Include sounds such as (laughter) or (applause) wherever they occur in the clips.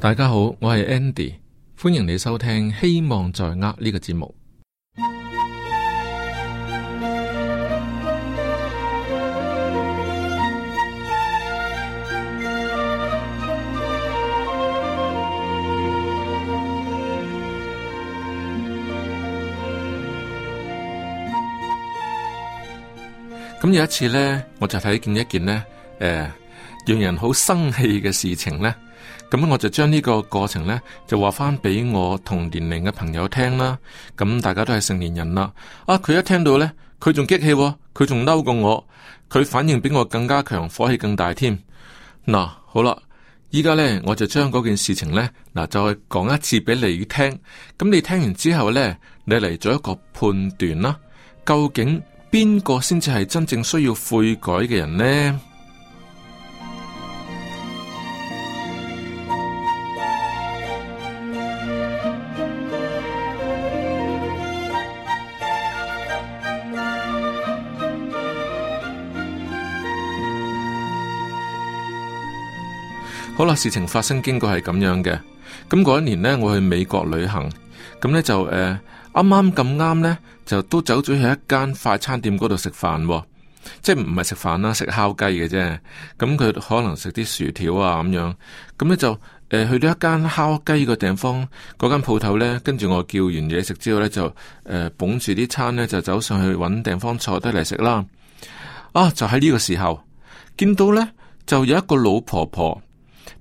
大家好，我係 Andy，歡迎你收聽《希望在握》呢個節目。咁有一次呢，我就睇見一,一件呢，誒、呃，讓人好生氣嘅事情呢。咁我就將呢個過程呢，就話翻俾我同年齡嘅朋友聽啦。咁大家都係成年人啦，啊！佢一聽到呢，佢仲激氣喎，佢仲嬲過我，佢反應比我更加強，火氣更大添。嗱，好啦，依家呢，我就將嗰件事情呢，嗱，再講一次俾你聽。咁你聽完之後呢，你嚟做一個判斷啦，究竟邊個先至係真正需要悔改嘅人呢？好啦，事情發生經過係咁樣嘅。咁嗰一年呢，我去美國旅行，咁呢就誒啱啱咁啱呢，就都走咗去一間快餐店嗰度食飯，即係唔係食飯啦，食烤雞嘅啫。咁佢可能食啲薯條啊咁樣。咁呢就誒、呃、去到一間烤雞個地方嗰間鋪頭呢，跟住我叫完嘢食之後呢，就誒、呃、捧住啲餐呢，就走上去揾地方坐低嚟食啦。啊，就喺呢個時候見到呢，就有一個老婆婆。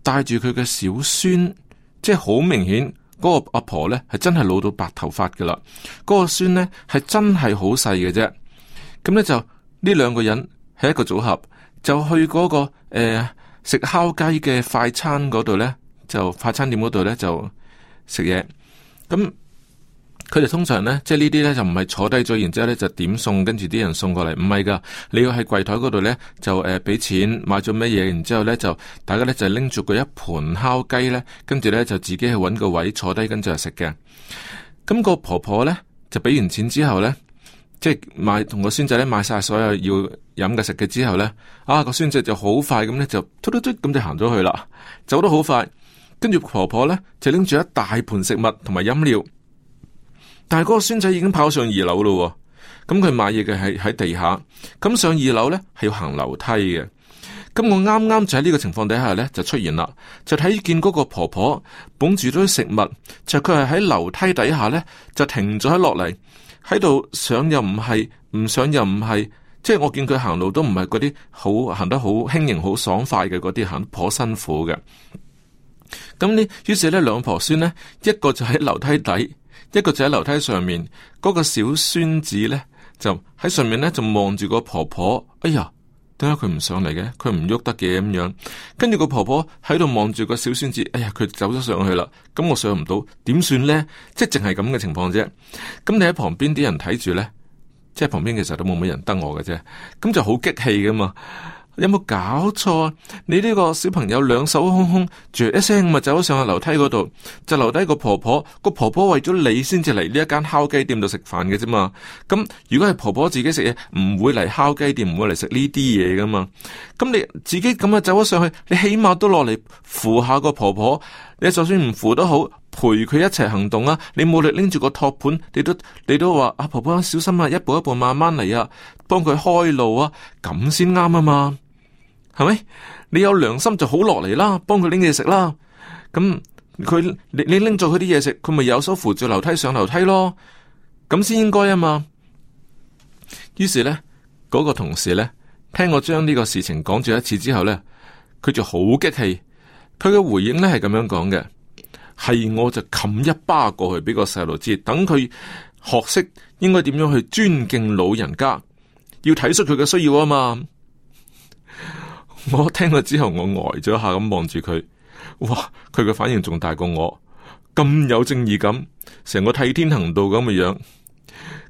帶住佢嘅小孫，即係好明顯嗰個阿婆呢係真係老到白頭髮噶啦。嗰個孫呢係真係好細嘅啫。咁呢就呢兩個人係一個組合，就去嗰個誒食烤雞嘅快餐嗰度呢，就快餐店嗰度呢就食嘢。咁佢哋通常呢，即係呢啲呢，就唔係坐低咗，然之後咧就點送，跟住啲人送過嚟，唔係噶。你要喺櫃台嗰度呢，就誒俾、呃、錢買咗乜嘢，然之後咧就大家呢，就拎住個一盤烤雞呢，跟住呢，就自己去揾個位坐低，跟住就食嘅。咁、個婆婆呢，就俾完錢之後呢，即係買同個孫仔呢，買晒所有要飲嘅食嘅之後呢，啊個孫仔就好快咁呢，就嘟嘟嘟咁就行咗去啦，走得好快。跟住婆婆呢，就拎住一大盤食物同埋飲料。但係嗰個孫仔已經跑上二樓咯，咁佢買嘢嘅係喺地下，咁上二樓呢係要行樓梯嘅。咁我啱啱就喺呢個情況底下呢就出現啦，就睇見嗰個婆婆捧住咗啲食物，就佢係喺樓梯底下呢就停咗喺落嚟，喺度上又唔係，唔上又唔係，即係我見佢行路都唔係嗰啲好行得好輕盈、好爽快嘅嗰啲，行得頗辛苦嘅。咁呢，於是呢兩婆孫呢，一個就喺樓梯底。一個就喺樓梯上面，嗰個小孫子咧就喺上面咧就望住個婆婆。哎呀，點解佢唔上嚟嘅？佢唔喐得嘅咁樣。跟住個婆婆喺度望住個小孫子。哎呀，佢走咗上去啦。咁我上唔到，點算咧？即係淨係咁嘅情況啫。咁你喺旁邊啲人睇住咧，即係旁邊其實都冇乜人得我嘅啫。咁就好激氣㗎嘛。有冇搞錯啊？你呢個小朋友兩手空空，著一聲咪走咗上去樓梯嗰度，就留低個婆婆。個婆婆為咗你先至嚟呢一間烤雞店度食飯嘅啫嘛。咁如果係婆婆自己食嘢，唔會嚟烤雞店，唔會嚟食呢啲嘢噶嘛。咁你自己咁啊走咗上去，你起碼都落嚟扶下個婆婆。你就算唔扶都好，陪佢一齊行動啊。你冇力拎住個托盤，你都你都話阿、啊、婆婆小心啊，一步一步慢慢嚟啊，幫佢開路啊，咁先啱啊嘛。係咪？你有良心就好落嚟啦，幫佢拎嘢食啦。咁、嗯、佢你拎咗佢啲嘢食，佢咪有手扶住樓梯上樓梯咯。咁先應該啊嘛。於是呢，嗰、嗰個同事呢，聽我將呢個事情講咗一次之後呢，佢就好激氣。佢嘅回應呢係咁樣講嘅：係我就冚一巴，巴過去俾個細路知，等佢學識應該點樣去尊敬老人家，要睇出佢嘅需要啊嘛。我聽咗之後，我呆咗下咁望住佢，哇！佢嘅反應仲大過我，咁有正義感，成個替天行道咁嘅樣。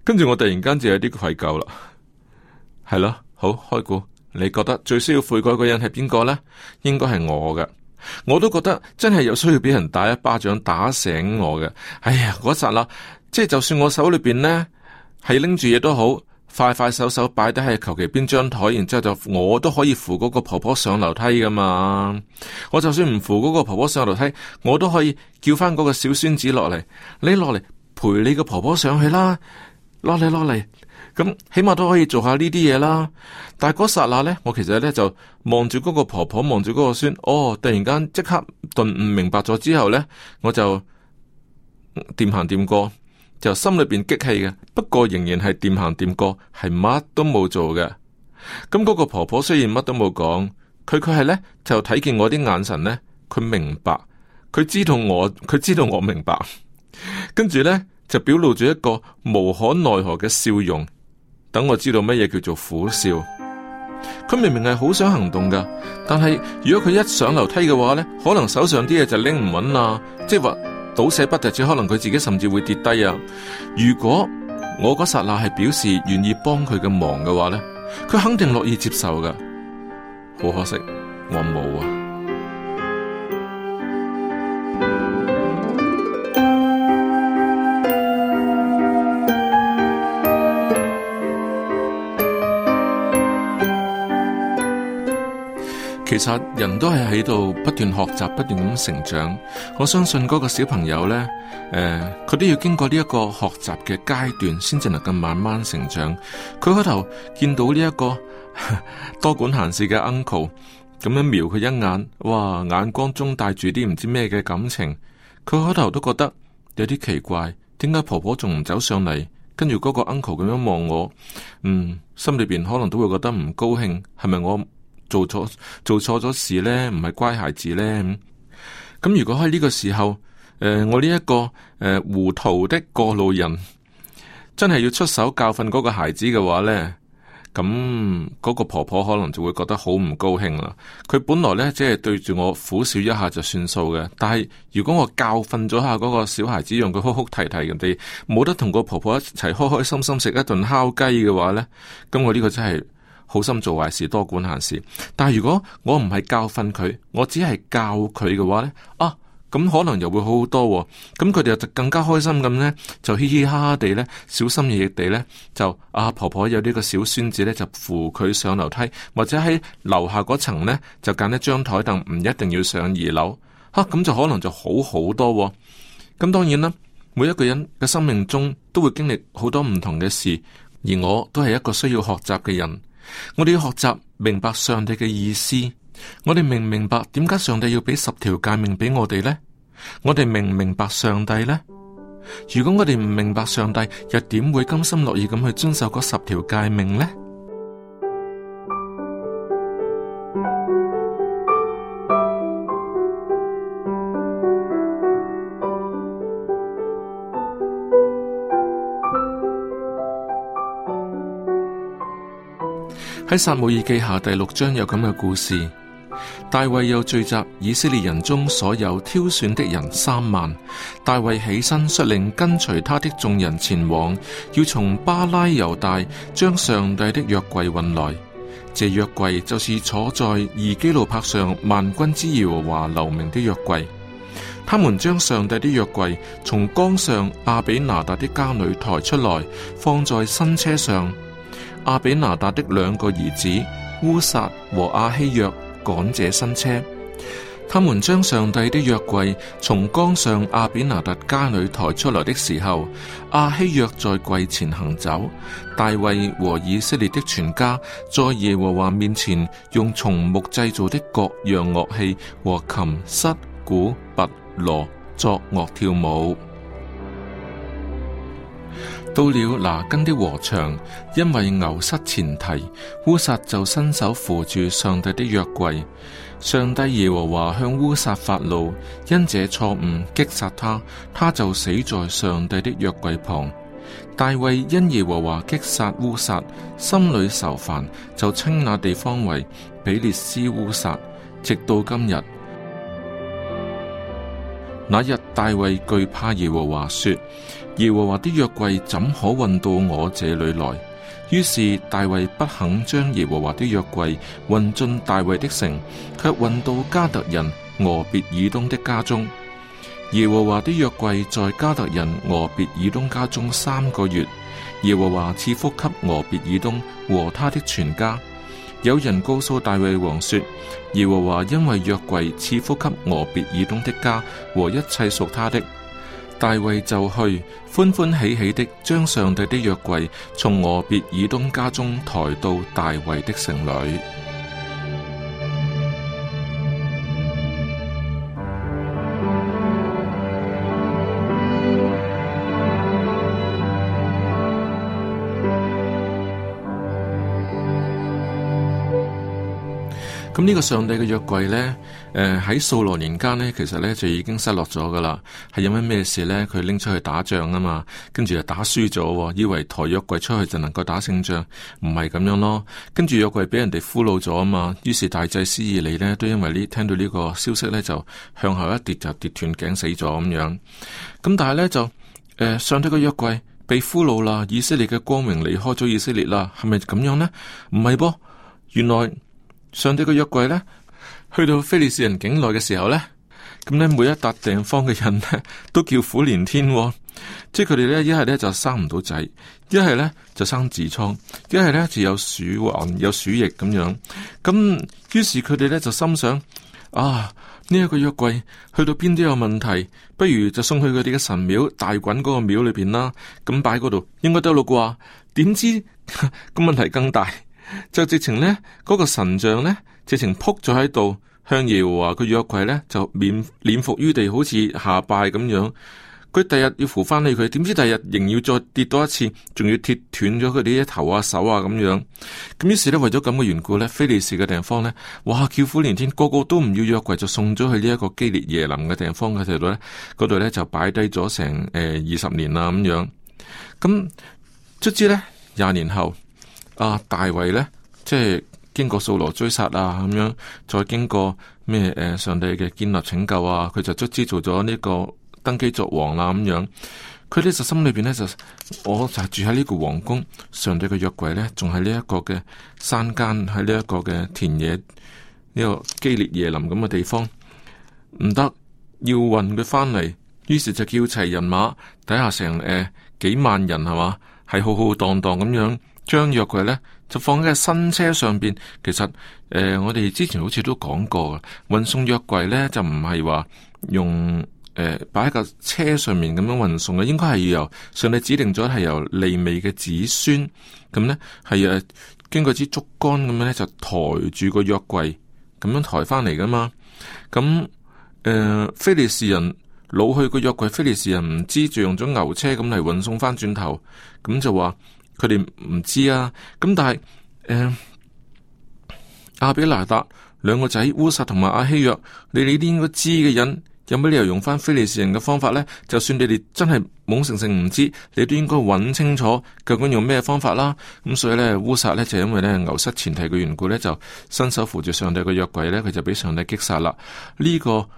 跟住我突然間就有啲愧疚啦，係咯，好開估。你覺得最需要悔改嘅人係邊個咧？應該係我嘅，我都覺得真係有需要俾人打一巴掌打醒我嘅。哎呀，嗰剎啦，即係就算我手裏面咧係拎住嘢都好。快快手手擺低喺求其邊張台，然之後就我都可以扶嗰個婆婆上樓梯噶嘛。我就算唔扶嗰個婆婆上樓梯，我都可以叫翻嗰個小孫子落嚟，你落嚟陪你個婆婆上去啦。落嚟落嚟，咁起碼都可以做下呢啲嘢啦。但係嗰剎那呢，我其實呢就望住嗰個婆婆，望住嗰個孫，哦，突然間即刻頓悟明白咗之後呢，我就掂行掂過。就心裏邊激氣嘅，不過仍然係掂行掂過，係乜都冇做嘅。咁嗰個婆婆雖然乜都冇講，佢佢係咧就睇見我啲眼神咧，佢明白，佢知道我，佢知道我明白。跟住咧就表露咗一個無可奈何嘅笑容，等我知道乜嘢叫做苦笑。佢明明係好想行動噶但係如果佢一上樓梯嘅話咧，可能手上啲嘢就拎唔穩啦，即係話。倒瀉不止，可能佢自己甚至會跌低啊！如果我嗰剎那係表示願意幫佢嘅忙嘅話咧，佢肯定樂意接受㗎。好可惜，我冇啊。其實人都係喺度不斷學習，不斷咁成長。我相信嗰個小朋友呢，誒、呃，佢都要經過呢一個學習嘅階段，先至能夠慢慢成長。佢開頭見到呢一個 (laughs) 多管閒事嘅 uncle，咁樣瞄佢一眼，哇，眼光中帶住啲唔知咩嘅感情。佢開頭都覺得有啲奇怪，點解婆婆仲唔走上嚟，跟住嗰個 uncle 咁樣望我？嗯，心裏邊可能都會覺得唔高興，係咪我？做錯做錯咗事呢，唔係乖孩子呢。咁、嗯、如果喺呢個時候，誒、呃、我呢、這、一個誒、呃、糊塗的過路人，真係要出手教訓嗰個孩子嘅話呢，咁、嗯、嗰、那個婆婆可能就會覺得好唔高興啦。佢本來呢，只係對住我苦笑一下就算數嘅，但係如果我教訓咗下嗰個小孩子，讓佢哭哭啼啼咁地，冇得同個婆婆一齊開開心心食一頓烤雞嘅話呢，咁我呢個真係。好心做壞事，多管閒事。但係如果我唔係教訓佢，我只係教佢嘅話呢，啊咁可能又會好好多、喎。咁佢哋就更加開心咁呢，就嘻嘻哈哈地呢，小心翼翼地呢，就阿、啊、婆婆有呢個小孫子呢，就扶佢上樓梯，或者喺樓下嗰層呢，就揀一張台凳，唔一定要上二樓。吓、啊、咁就可能就好好多、喎。咁當然啦，每一個人嘅生命中都會經歷好多唔同嘅事，而我都係一個需要學習嘅人。我哋要學習明白上帝嘅意思，我哋明唔明白點解上帝要俾十條誡命俾我哋呢？我哋明唔明白上帝呢？如果我哋唔明白上帝，又點會甘心樂意咁去遵守嗰十條誡命呢？撒 (noise) 母耳記下第六章有咁嘅故事。大衛又聚集以色列人中所有挑選的人三萬，大衛起身率領跟隨他的眾人前往，要從巴拉猶大將上帝的約櫃運來。這約櫃就是坐在二基路伯上萬軍之耶和華留名的約櫃。他們將上帝的約櫃從江上亞比拿達的家裏抬出來，放在新車上。亞比拿達的兩個兒子烏撒和亞希約趕這新車，他們將上帝的約櫃從江上亞比拿達家裏抬出來的時候，亞希約在櫃前行走，大衛和以色列的全家在耶和華面前用松木製造的各樣樂器和琴、瑟、鼓、鈸、鑼作樂跳舞。到了拿根的禾場，因為牛失前蹄，烏薩就伸手扶住上帝的約櫃。上帝耶和華向烏薩發怒，因這錯誤擊殺他，他就死在上帝的約櫃旁。大衛因耶和華擊殺烏薩，心裏愁煩，就稱那地方為比列斯烏薩，直到今日。那日大衛懼怕耶和華說。耶和華的約櫃怎可運到我這裏來？於是大衛不肯將耶和華的約櫃運進大衛的城，卻運到加特人俄別以東的家中。耶和華的約櫃在加特人俄別以東家中三個月，耶和華賜福給俄別以東和他的全家。有人告訴大衛王說：耶和華因為約櫃賜福給俄別以東的家和一切屬他的。大衛就去，歡歡喜喜的將上帝的約櫃從俄別以東家中抬到大衛的城裏。咁呢個上帝嘅約櫃呢，誒喺掃羅年間呢，其實呢就已經失落咗噶啦。係因為咩事呢？佢拎出去打仗啊嘛，跟住就打輸咗，以為抬約櫃出去就能夠打勝仗，唔係咁樣咯。跟住約櫃俾人哋俘虜咗啊嘛，於是大祭司以利呢，都因為呢聽到呢個消息呢，就向後一跌就跌斷頸死咗咁樣。咁、嗯、但係呢，就，誒、呃、上帝嘅約櫃被俘虜啦，以色列嘅光明離開咗以色列啦，係咪咁樣呢？唔係噃，原來。上帝嘅約櫃咧，去到非利士人境內嘅時候咧，咁咧每一笪地方嘅人咧，都叫苦連天。哦，即係佢哋咧一係咧就生唔到仔，一係咧就生痔瘡，一係咧就有鼠患、有鼠疫咁樣。咁於是佢哋咧就心想：啊，呢、這、一個約櫃去到邊啲有問題，不如就送去佢哋嘅神廟大袞嗰個廟裏邊啦。咁擺嗰度應該得啦啩？點知咁 (laughs) 問題更大？就直情呢，嗰、嗰個神像呢，直情撲咗喺度，向耶和華佢約櫃呢，就面臉伏於地，好似下拜咁樣。佢第日要扶翻起佢，點知第日仍要再跌多一次，仲要跌斷咗佢啲頭啊手啊咁樣。咁於是呢，為咗咁嘅緣故呢，非利士嘅地方呢，哇叫苦連天，個個都唔要約櫃，就送咗去呢一個基列耶林嘅地方嘅度呢，嗰度呢，就擺低咗成誒二十年啦咁樣。咁卒之呢，廿年後。啊，大衛咧，即係經過掃羅追殺啊，咁樣再經過咩、誒、呃、上帝嘅建立拯救啊，佢就卒之做咗呢個登基作王啦、啊，咁樣佢呢就心裏邊咧就，我就住喺呢個皇宮，上帝嘅約櫃咧仲喺呢一個嘅山間喺呢一個嘅田野呢，這個基列耶琳咁嘅地方，唔得，要運佢翻嚟，於是就叫齊人馬底下成誒、呃、幾萬人係嘛，係浩浩蕩蕩咁樣。將約櫃咧就放喺個新車上邊。其實誒、呃，我哋之前好似都講過，運送約櫃咧就唔係話用誒擺喺架車上面咁樣運送嘅，應該係要由上帝指定咗係由利未嘅子孫咁咧，係誒、啊、經過支竹竿咁樣咧就抬住個約櫃咁樣抬翻嚟噶嘛咁誒，菲利士人攞去個約櫃，菲利士人唔知就用咗牛車咁嚟運送翻轉頭，咁就話。佢哋唔知啊，咁但係，誒、嗯，亞比拿達兩個仔烏撒同埋阿希約，你哋呢啲應該知嘅人，有咩理由用翻非利士人嘅方法咧？就算你哋真係懵成成唔知，你都應該揾清楚究竟用咩方法啦。咁所以咧，烏撒咧就因為咧牛失前蹄嘅緣故咧，就伸手扶住上帝嘅約櫃咧，佢就俾上帝擊殺啦。呢、這個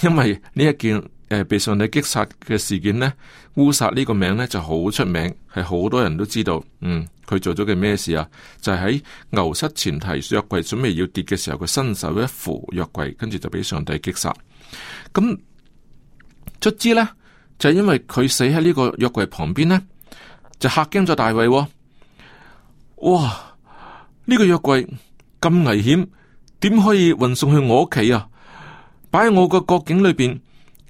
因為呢一件。被上帝擊殺嘅事件呢，烏殺呢個名呢就好出名，係好多人都知道。嗯，佢做咗嘅咩事啊？就係喺牛失前蹄，約櫃準備要跌嘅時候，佢伸手一扶約櫃，跟住就俾上帝擊殺。咁卒之呢，就係因為佢死喺呢個約櫃旁邊呢，就吓驚咗大衛，哦。哇！呢個約櫃咁危險，點可以運送去我屋企啊？擺喺我個國境裏邊。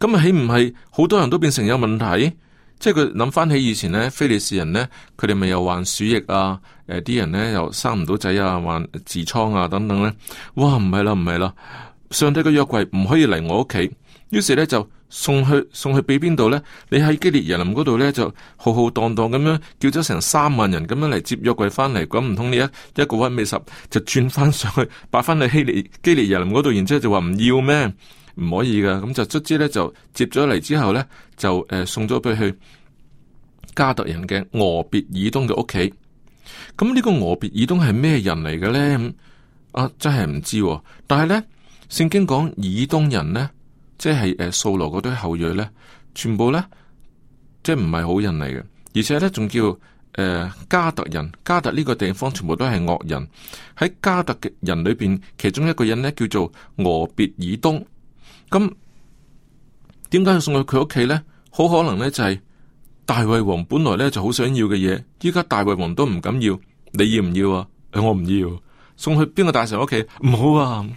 咁啊，豈唔係好多人都變成有問題？即係佢諗翻起以前咧，非利士人咧，佢哋咪又患鼠疫啊，誒、呃，啲人咧又生唔到仔啊，患痔瘡啊，等等咧，哇，唔係啦，唔係啦，上帝嘅約櫃唔可以嚟我屋企，於是咧就送去送去俾邊度咧？你喺基列耶琳嗰度咧就浩浩蕩蕩咁樣叫咗成三萬人咁樣嚟接約櫃翻嚟，咁唔通你一一個瘟疫十就轉翻上去，擺翻去希利基列耶琳嗰度，然之後就話唔要咩？唔可以嘅，咁就卒之咧，就接咗嚟之後咧，就誒送咗俾去加特人嘅俄別以東嘅屋企。咁呢個俄別以東係咩人嚟嘅咧？啊，真係唔知，啊。但係咧，聖經講以東人咧，即係誒掃羅嗰堆後裔咧，全部咧即係唔係好人嚟嘅，而且咧仲叫誒、呃、加特人。加特呢個地方全部都係惡人。喺加特嘅人裏邊，其中一個人咧叫做俄別以東。咁點解要送去佢屋企咧？好可能咧就係大衛王本來咧就好想要嘅嘢，依家大衛王都唔敢要。你要唔要啊？我唔要。送去邊個大臣屋企？唔好啊，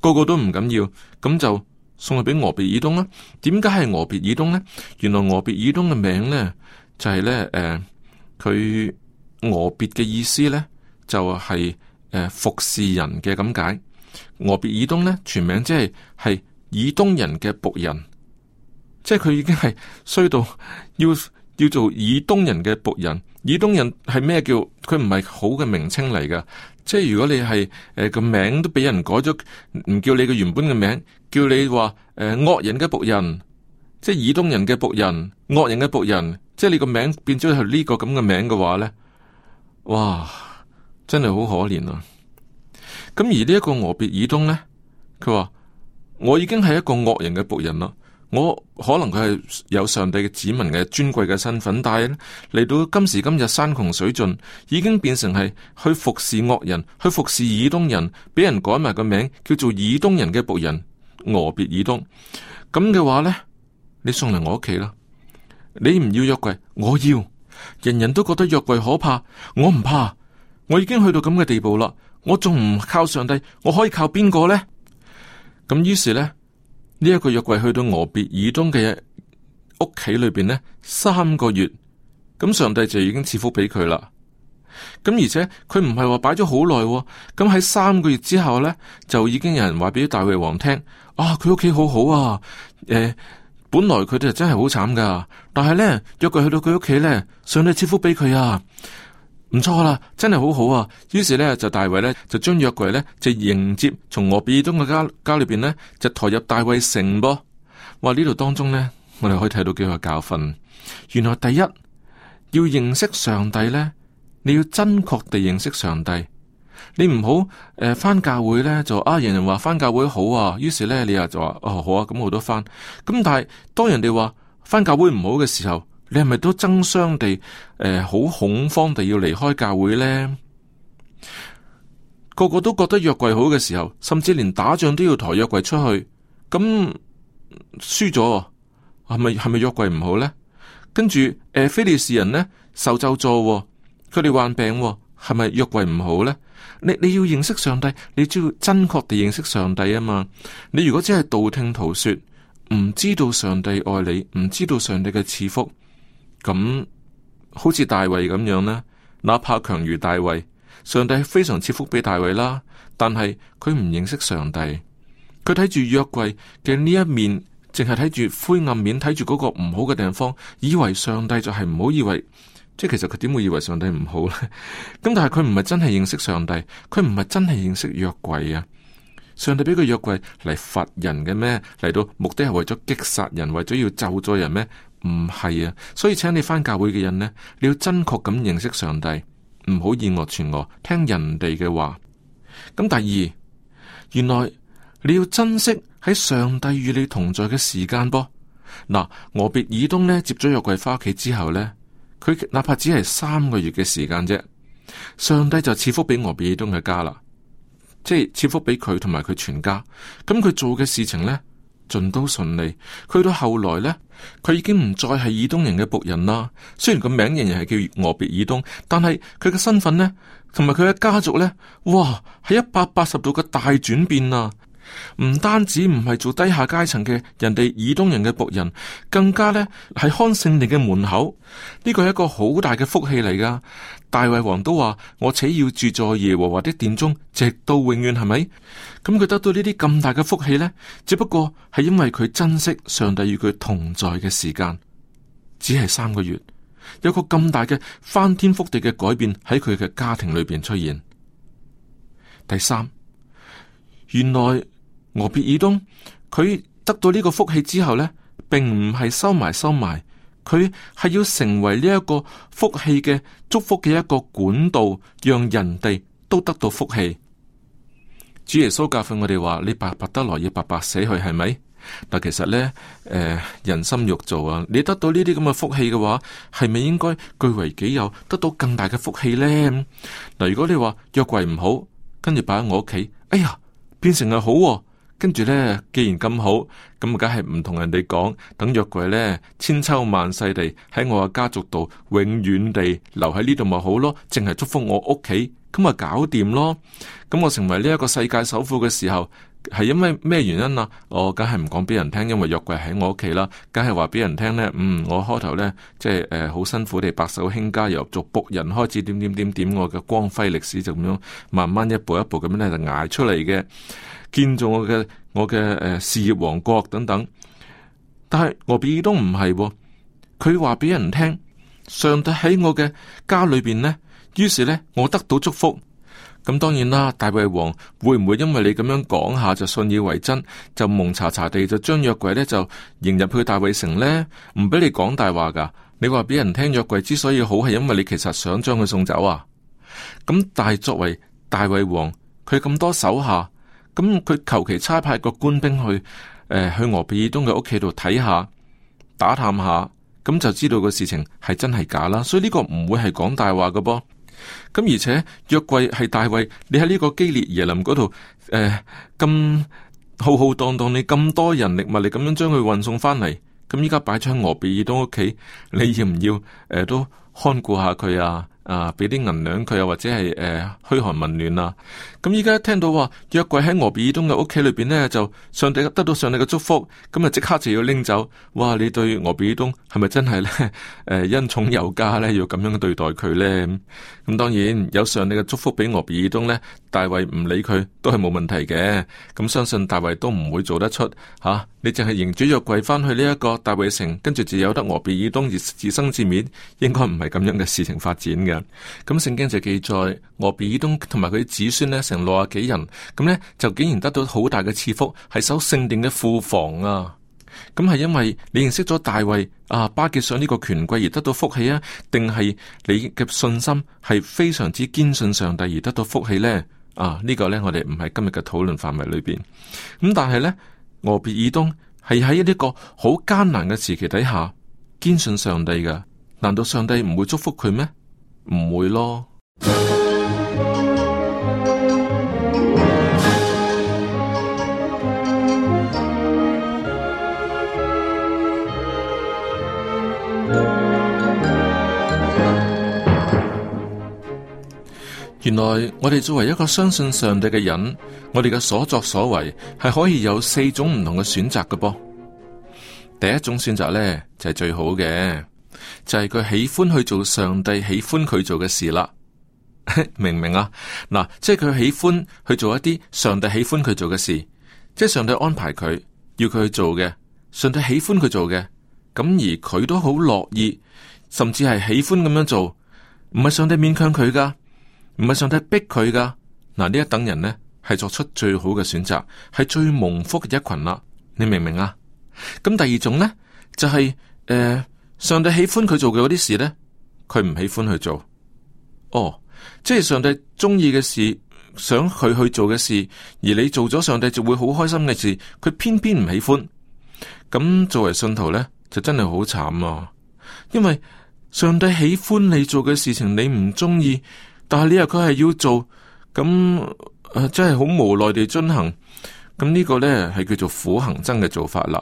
個個都唔敢要。咁就送去俾俄別爾東啦。點解係俄別爾東咧？原來俄別爾東嘅名咧就係咧誒、佢、呃、俄別嘅意思咧就係、是、誒、呃、服侍人嘅咁解。俄別爾東咧全名即係係。以東人嘅僕人，即係佢已經係衰到要要做以東人嘅僕人。以東人係咩叫？佢唔係好嘅名稱嚟㗎。即係如果你係誒、呃、個名都俾人改咗，唔叫你嘅原本嘅名，叫你話誒、呃、惡人嘅僕人，即係以東人嘅僕人，惡人嘅僕人，即係你個名變咗係呢個咁嘅名嘅話咧，哇，真係好可憐啊！咁而呢一個俄別以東咧，佢話。我已經係一個惡人嘅僕人啦，我可能佢係有上帝嘅子民嘅尊貴嘅身份，但係嚟到今時今日山窮水盡，已經變成係去服侍惡人，去服侍以東人，俾人改埋個名叫做以東人嘅僕人，俄別以東。咁嘅話呢，你送嚟我屋企啦，你唔要約櫃，我要人人都覺得約櫃可怕，我唔怕，我已經去到咁嘅地步啦，我仲唔靠上帝，我可以靠邊個呢？咁於是呢，呢、這、一個約櫃去到俄別以東嘅屋企裏邊呢，三個月，咁上帝就已經賜福俾佢啦。咁而且佢唔係話擺咗好耐，咁喺、哦、三個月之後呢，就已經有人話俾大衛王聽，啊，佢屋企好好啊，誒、呃，本來佢哋真係好慘噶，但係呢，約櫃去到佢屋企呢，上帝賜福俾佢啊。唔錯啦，真係好好啊！於是呢，就大衛呢，就將約櫃呢，就迎接從俄別以東嘅家家裏邊呢，就抬入大衛城噃。話呢度當中呢，我哋可以睇到幾個教訓。原來第一要認識上帝呢，你要真確地認識上帝。你唔好誒翻教會呢，就啊，人人話翻教會好啊。於是呢，你又就話哦好啊，咁我都翻。咁但係當人哋話翻教會唔好嘅時候。你係咪都爭相地誒，好、呃、恐慌地要離開教會呢？個個都覺得約櫃好嘅時候，甚至連打仗都要抬約櫃出去，咁輸咗，係咪係咪約櫃唔好呢？跟住誒，菲、呃、利士人呢，受咒詛、哦，佢哋患病、哦，係咪約櫃唔好呢？你你要認識上帝，你只要真確地認識上帝啊嘛！你如果只係道聽途說，唔知道上帝愛你，唔知道上帝嘅賜福。咁好似大衛咁樣咧，哪怕強如大衛，上帝非常賜福俾大衛啦。但係佢唔認識上帝，佢睇住約櫃嘅呢一面，淨係睇住灰暗面，睇住嗰個唔好嘅地方，以為上帝就係唔好，以為即係其實佢點會以為上帝唔好呢？咁 (laughs) 但係佢唔係真係認識上帝，佢唔係真係認識約櫃啊！上帝俾個約櫃嚟罰人嘅咩？嚟到目的係為咗擊殺人，為咗要咒詛人咩？唔係啊，所以請你翻教會嘅人呢，你要真確咁認識上帝，唔好以訛傳訛，聽人哋嘅話。咁第二，原來你要珍惜喺上帝與你同在嘅時間噃。嗱，俄別爾東呢，接咗約櫃翻屋企之後呢，佢哪怕只係三個月嘅時間啫，上帝就賜福俾俄別爾東嘅家啦，即係賜福俾佢同埋佢全家。咁佢做嘅事情呢，盡都順利，去到後來呢，佢已經唔再係以東人嘅僕人啦。雖然個名仍然係叫俄別以東，但係佢嘅身份呢，同埋佢嘅家族呢，哇，係一百八十度嘅大轉變啊！唔單止唔係做低下階層嘅人哋，人以東人嘅僕人，更加呢係康勝利嘅門口。呢個係一個好大嘅福氣嚟噶。大衛王都話：我且要住在耶和華的殿中，直到永遠，係咪？咁佢得到呢啲咁大嘅福氣呢，只不過係因為佢珍惜上帝與佢同在嘅時間，只係三個月，有個咁大嘅翻天覆地嘅改變喺佢嘅家庭裏邊出現。第三，原來。俄別以東佢得到呢個福氣之後呢，並唔係收埋收埋，佢係要成為呢一個福氣嘅祝福嘅一個管道，讓人哋都得到福氣。主耶穌教訓我哋話：你白白得來，要白白捨去，係咪？但其實呢，誒、呃、人心欲造啊！你得到呢啲咁嘅福氣嘅話，係咪應該據為己有，得到更大嘅福氣呢？嗱，如果你話約櫃唔好，跟住擺喺我屋企，哎呀，變成係好、啊。跟住呢，既然咁好，咁梗係唔同人哋講，等約櫃呢，千秋萬世地喺我嘅家族度永遠地留喺呢度咪好咯？淨係祝福我屋企，咁咪搞掂咯。咁、嗯、我成為呢一個世界首富嘅時候。係因為咩原因啊？我梗係唔講俾人聽，因為若櫃喺我屋企啦，梗係話俾人聽咧。嗯，我開頭咧即係誒、好、呃、辛苦地白手興家，由逐僕人開始點點點點，我嘅光輝歷史就咁樣，慢慢一步一步咁樣咧就捱出嚟嘅，建造我嘅我嘅誒、呃、事業王國等等。但係我亦都唔係、啊，佢話俾人聽，上帝喺我嘅家裏邊咧，於是咧我得到祝福。咁當然啦，大衛王會唔會因為你咁樣講下就信以為真，就蒙查查地就將約櫃呢就迎入去大衛城呢？唔俾你講大話噶，你話俾人聽約櫃之所以好係因為你其實想將佢送走啊。咁但係作為大衛王，佢咁多手下，咁佢求其差派個官兵去，誒、呃、去俄比爾東嘅屋企度睇下，打探下，咁就知道個事情係真係假啦。所以呢個唔會係講大話噶噃。咁而且約櫃係大衛，你喺呢個基列耶琳嗰度，誒、呃、咁浩浩蕩蕩，你咁多人力物力咁樣將佢運送翻嚟，咁依家擺喺俄別以東屋企，你要唔要？誒、呃，都看顧下佢啊，啊，俾啲銀兩佢，又或者係誒噓寒問暖啦、啊。咁依家一聽到話約櫃喺俄別以東嘅屋企裏邊呢，就上帝得到上帝嘅祝福，咁啊即刻就要拎走。哇！你對俄別以東係咪真係咧？誒，恩寵有加咧，要咁樣對待佢咧？咁當然有上帝嘅祝福俾俄別以東咧，大衛唔理佢都係冇問題嘅。咁相信大衛都唔會做得出吓、啊。你淨係迎住約櫃翻去呢一個大衛城，跟住就有得俄別以東而自生自滅，應該唔係咁樣嘅事情發展嘅。咁聖經就記載俄別以東同埋佢子孫咧。成六十幾人咁呢，就竟然得到好大嘅賜福，係守聖殿嘅庫房啊！咁係因為你認識咗大衛啊，巴結上呢個權貴而得到福氣啊？定係你嘅信心係非常之堅信上帝而得到福氣呢？啊，呢個呢，我哋唔係今日嘅討論範圍裏邊。咁但係呢，俄別爾東係喺呢個好艱難嘅時期底下堅信上帝嘅，難道上帝唔會祝福佢咩？唔會咯。原來我哋作為一個相信上帝嘅人，我哋嘅所作所為係可以有四種唔同嘅選擇嘅。噃第一種選擇呢，就係最好嘅，就係佢喜歡去做上帝喜歡佢做嘅事啦。 (laughs) 明唔明啊？嗱，即係佢喜歡去做一啲上帝喜歡佢做嘅事，即係上帝安排佢要佢去做嘅，上帝喜歡佢做嘅，咁而佢都好樂意，甚至係喜歡咁樣做，唔係上帝勉強佢噶。唔係上帝逼佢噶，嗱，呢一等人呢，係作出最好嘅選擇，係最蒙福嘅一群啦。你明唔明啊？咁第二種呢，就係、是、誒、呃，上帝喜歡佢做嘅嗰啲事呢，佢唔喜歡去做。哦，即係上帝中意嘅事，想佢去做嘅事，而你做咗上帝就會好開心嘅事，佢偏偏唔喜歡。咁作為信徒呢，就真係好慘啊！因為上帝喜歡你做嘅事情，你唔中意。但係呢日佢係要做咁，啊，真係好無奈地進行。咁呢個呢係叫做苦行僧嘅做法啦。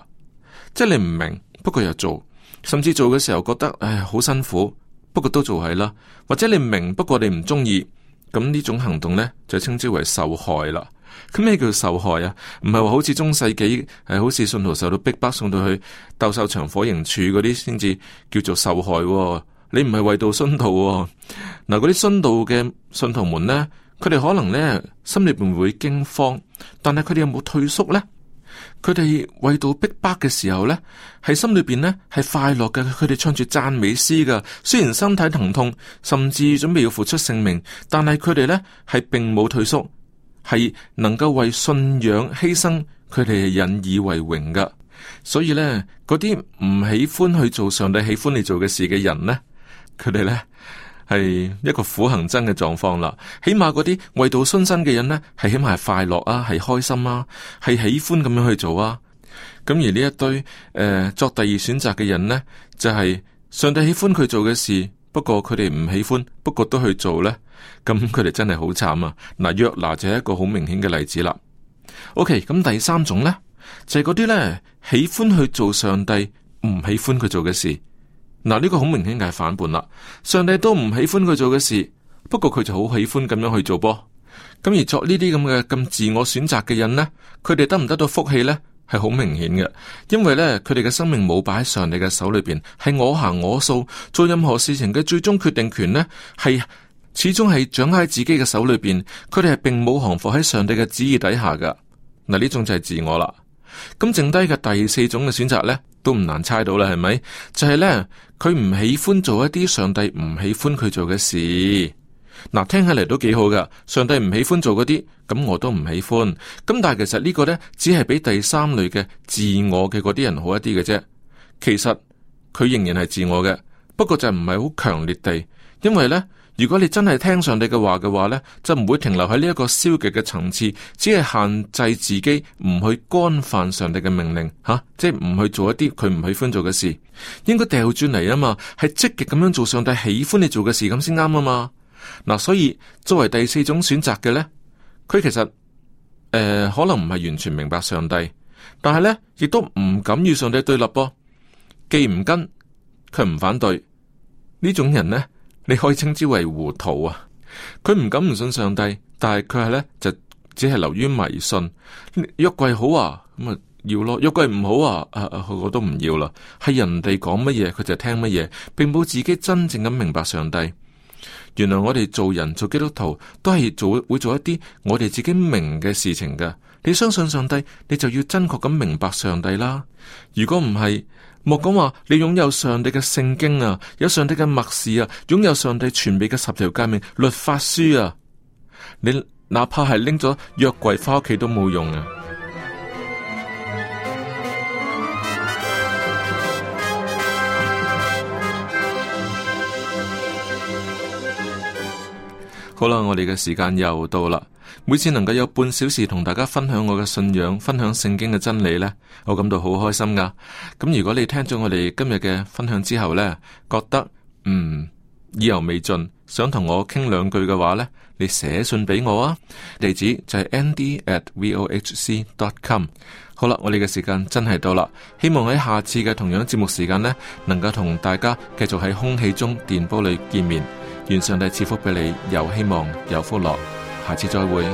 即係你唔明，不過又做，甚至做嘅時候覺得，誒，好辛苦，不過都做係啦。或者你明，不過你唔中意，咁呢種行動呢，就稱之為受害啦。咁咩叫受害啊？唔係話好似中世紀係好似信徒受到逼迫，迫送到去鬥獸場火刑柱嗰啲先至叫做受害。你唔係為到殉道喎，嗱，嗰啲殉道嘅、哦、信徒們呢，佢哋可能呢，心裏邊會驚慌，但係佢哋有冇退縮呢？佢哋為到逼迫嘅時候呢，喺心裏邊呢，係快樂嘅，佢哋唱住讚美詩嘅。雖然身體疼痛，甚至準備要付出性命，但係佢哋呢，係並冇退縮，係能夠為信仰犧牲，佢哋係引以為榮嘅。所以呢，嗰啲唔喜歡去做上帝喜歡你做嘅事嘅人呢。佢哋呢係一個苦行僧嘅狀況啦，起碼嗰啲為道殉身嘅人呢，係起碼係快樂啊，係開心啊，係喜歡咁樣去做啊。咁而呢一堆誒、呃、作第二選擇嘅人呢，就係、是、上帝喜歡佢做嘅事，不過佢哋唔喜歡，不過都去做呢。咁佢哋真係好慘啊！嗱，約拿就係一個好明顯嘅例子啦。OK，咁第三種呢，就係嗰啲呢，喜歡去做上帝唔喜歡佢做嘅事。嗱，呢個好明顯就係反叛啦！上帝都唔喜歡佢做嘅事，不過佢就好喜歡咁樣去做噃。咁而作呢啲咁嘅咁自我選擇嘅人呢？佢哋得唔得到福氣呢？係好明顯嘅，因為呢，佢哋嘅生命冇擺喺上帝嘅手裏邊，係我行我素，做任何事情嘅最終決定權呢，係始終係掌握喺自己嘅手裏邊。佢哋係並冇降服喺上帝嘅旨意底下噶。嗱，呢種就係自我啦。咁剩低嘅第四種嘅選擇呢，都唔難猜到啦，係咪？就係呢，佢唔喜歡做一啲上帝唔喜歡佢做嘅事。嗱，聽起嚟都幾好噶。上帝唔喜歡做嗰啲，咁我都唔喜歡。咁但係其實呢個呢，只係比第三類嘅自我嘅嗰啲人好一啲嘅啫。其實佢仍然係自我嘅，不過就唔係好強烈地，因為呢。如果你真係聽上帝嘅話嘅話呢，就唔會停留喺呢一個消極嘅層次，只係限制自己唔去干犯上帝嘅命令，吓、啊，即係唔去做一啲佢唔喜歡做嘅事。應該掉轉嚟啊嘛，係積極咁樣做上帝喜歡你做嘅事咁先啱啊嘛。嗱、啊，所以作為第四種選擇嘅呢，佢其實誒、呃、可能唔係完全明白上帝，但係呢亦都唔敢與上帝對立噃，既唔跟，佢唔反對呢種人呢。你可以稱之為糊塗啊！佢唔敢唔信上帝，但係佢係呢，就只係流於迷信。約櫃好啊，咁咪要咯；約櫃唔好啊，誒、啊、誒、啊，我都唔要啦。係人哋講乜嘢，佢就聽乜嘢，並冇自己真正咁明白上帝。原來我哋做人做基督徒，都係做會做一啲我哋自己明嘅事情嘅。你相信上帝，你就要真確咁明白上帝啦。如果唔係，莫講話，你擁有上帝嘅聖經啊，有上帝嘅默示啊，擁有上帝全備嘅十條誡命、律法書啊，你哪怕係拎咗約櫃翻屋企都冇用啊！ (music) (music) 好啦，我哋嘅時間又到啦。每次能夠有半小時同大家分享我嘅信仰、分享聖經嘅真理呢，我感到好開心噶。咁如果你聽咗我哋今日嘅分享之後呢，覺得嗯意猶未盡，想同我傾兩句嘅話呢，你寫信俾我啊，地址就係 n d at v o h c dot com。好啦，我哋嘅時間真係到啦，希望喺下次嘅同樣節目時間呢，能夠同大家繼續喺空氣中電波裏見面。願上帝賜福俾你，有希望，有福樂。下次再會。